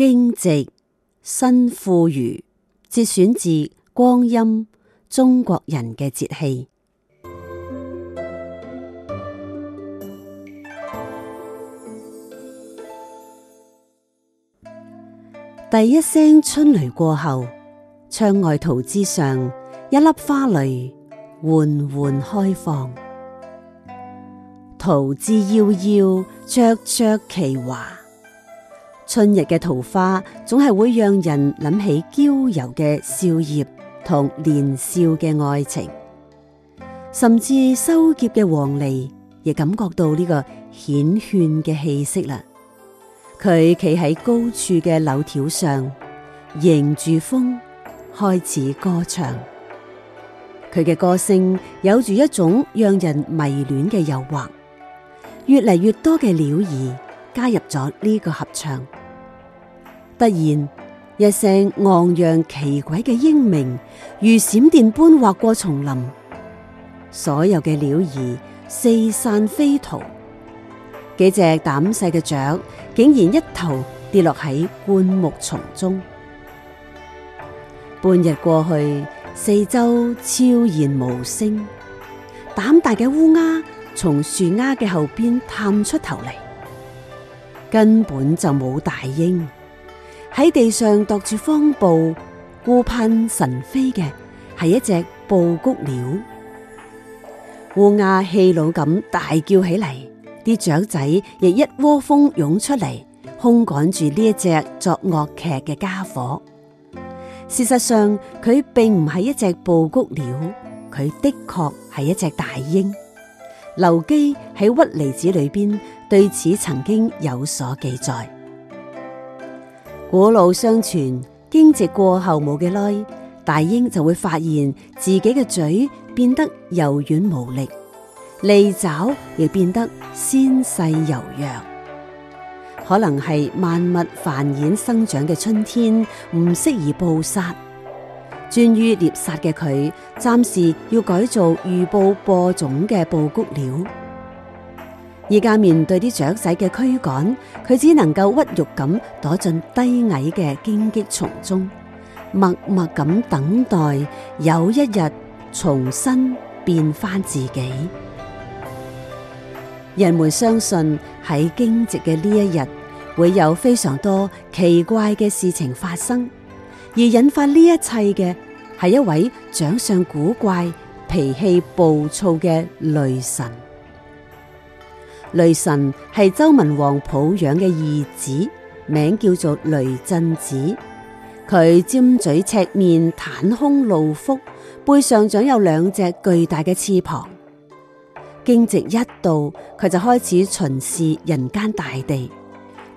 驚蟄，申賦漁。節選自《光陰》，中國人嘅節氣。第一聲春雷過後，窗外桃枝上一粒花蕾緩緩開放，桃之夭夭，灼灼其華。春日嘅桃花總係會讓人諗起嬌柔嘅笑靨同年少嘅愛情，甚至羞澀嘅黃鸝亦感覺到呢個繾綣嘅氣息啦。佢企喺高處嘅柳條上，迎住風開始歌唱。佢嘅歌聲有住一種讓人迷戀嘅誘惑，越嚟越多嘅鳥兒加入咗呢個合唱。突然一聲昂揚奇詭嘅鷹鳴，如閃電般劃過叢林，所有嘅鳥兒四散飛逃，幾隻膽細嘅雀竟然一頭跌落喺灌木叢中。半日過去，四周悄然無聲，膽大嘅烏鴉從樹丫嘅後邊探出頭嚟，根本就冇大鷹。喺地上踱住方步，顧盼神飛嘅，係一隻布谷鳥。烏鴉氣惱咁大叫起嚟，啲雀仔亦一窩蜂湧，湧出嚟，空趕住呢一隻作惡劇嘅家伙。事實上，佢並唔係一隻布谷鳥，佢的確係一隻大鷹。劉基喺《郁離子》裏邊對此曾經有所記載。古老相傳，驚蟄過後冇幾耐，大鷹就會發現自己嘅嘴變得柔軟無力，利爪亦變得纖細柔弱。可能係萬物繁衍生長嘅春天唔適宜捕殺，專於獵殺嘅佢暫時要改造預報播種嘅布谷鳥。而家面對啲雀仔嘅驅趕，佢只能夠屈辱咁躲進低矮嘅荊棘叢中，默默咁等待有一日重新變翻自己。人們相信喺驚蟄嘅呢一日會有非常多奇怪嘅事情發生，而引發呢一切嘅係一位長相古怪、脾氣暴躁嘅雷神。雷神係周文王抱養嘅義子，名叫做雷震子。佢尖嘴、赤面、袒胸露腹，背上長有兩隻巨大嘅翅膀。驚蟄一度，佢就開始巡視人間大地，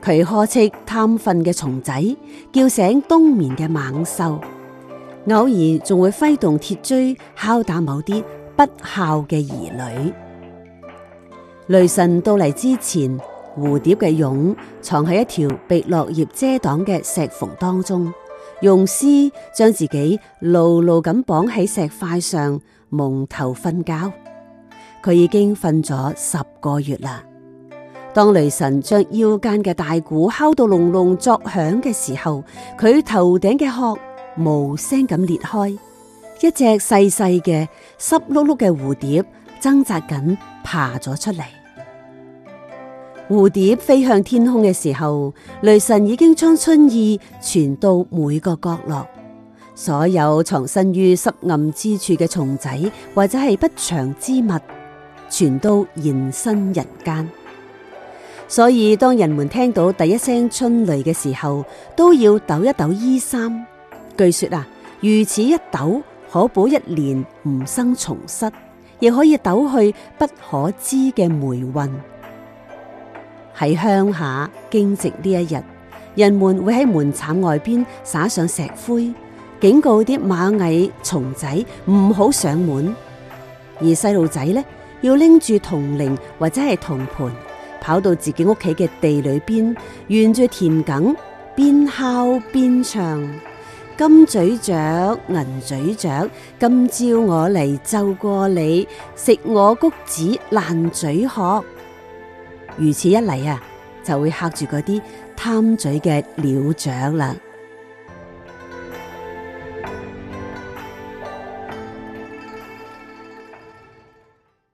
佢呵斥貪瞓嘅蟲仔，叫醒冬眠嘅猛獸，偶爾仲會揮動鐵錐敲打某啲不孝嘅兒女。雷神到嚟之前，蝴蝶嘅蛹藏喺一條被落葉遮擋嘅石縫當中，用絲將自己牢牢咁綁喺石塊上蒙頭瞓覺。佢已經瞓咗十個月啦。當雷神將腰間嘅大鼓敲到隆隆作響嘅時候，佢頭頂嘅殼無聲咁裂開，一隻細細嘅濕漉漉嘅蝴蝶，掙扎緊，爬咗出嚟。蝴蝶飛向天空嘅時候，雷神已經將春意傳到每個角落。所有藏身於濕暗之處嘅蟲仔，或者係不祥之物，全都現身人間。所以，當人們聽到第一聲春雷嘅時候，都要抖一抖衣衫。據說啊，如此一抖，可保一年唔生蟲虱。亦可以抖去不可知嘅霉運。喺鄉下，驚蟄呢一日，人們會喺門檻外邊撒上石灰，警告啲螞蟻蟲仔唔好上門。而細路仔咧，要拎住銅鈴或者係銅盤，跑到自己屋企嘅地裏邊，沿住田埂邊敲邊唱。金嘴雀、銀嘴雀，今朝我嚟就過你，食我穀子爛嘴殼。如此一嚟啊，就會嚇住嗰啲貪嘴嘅鳥雀啦。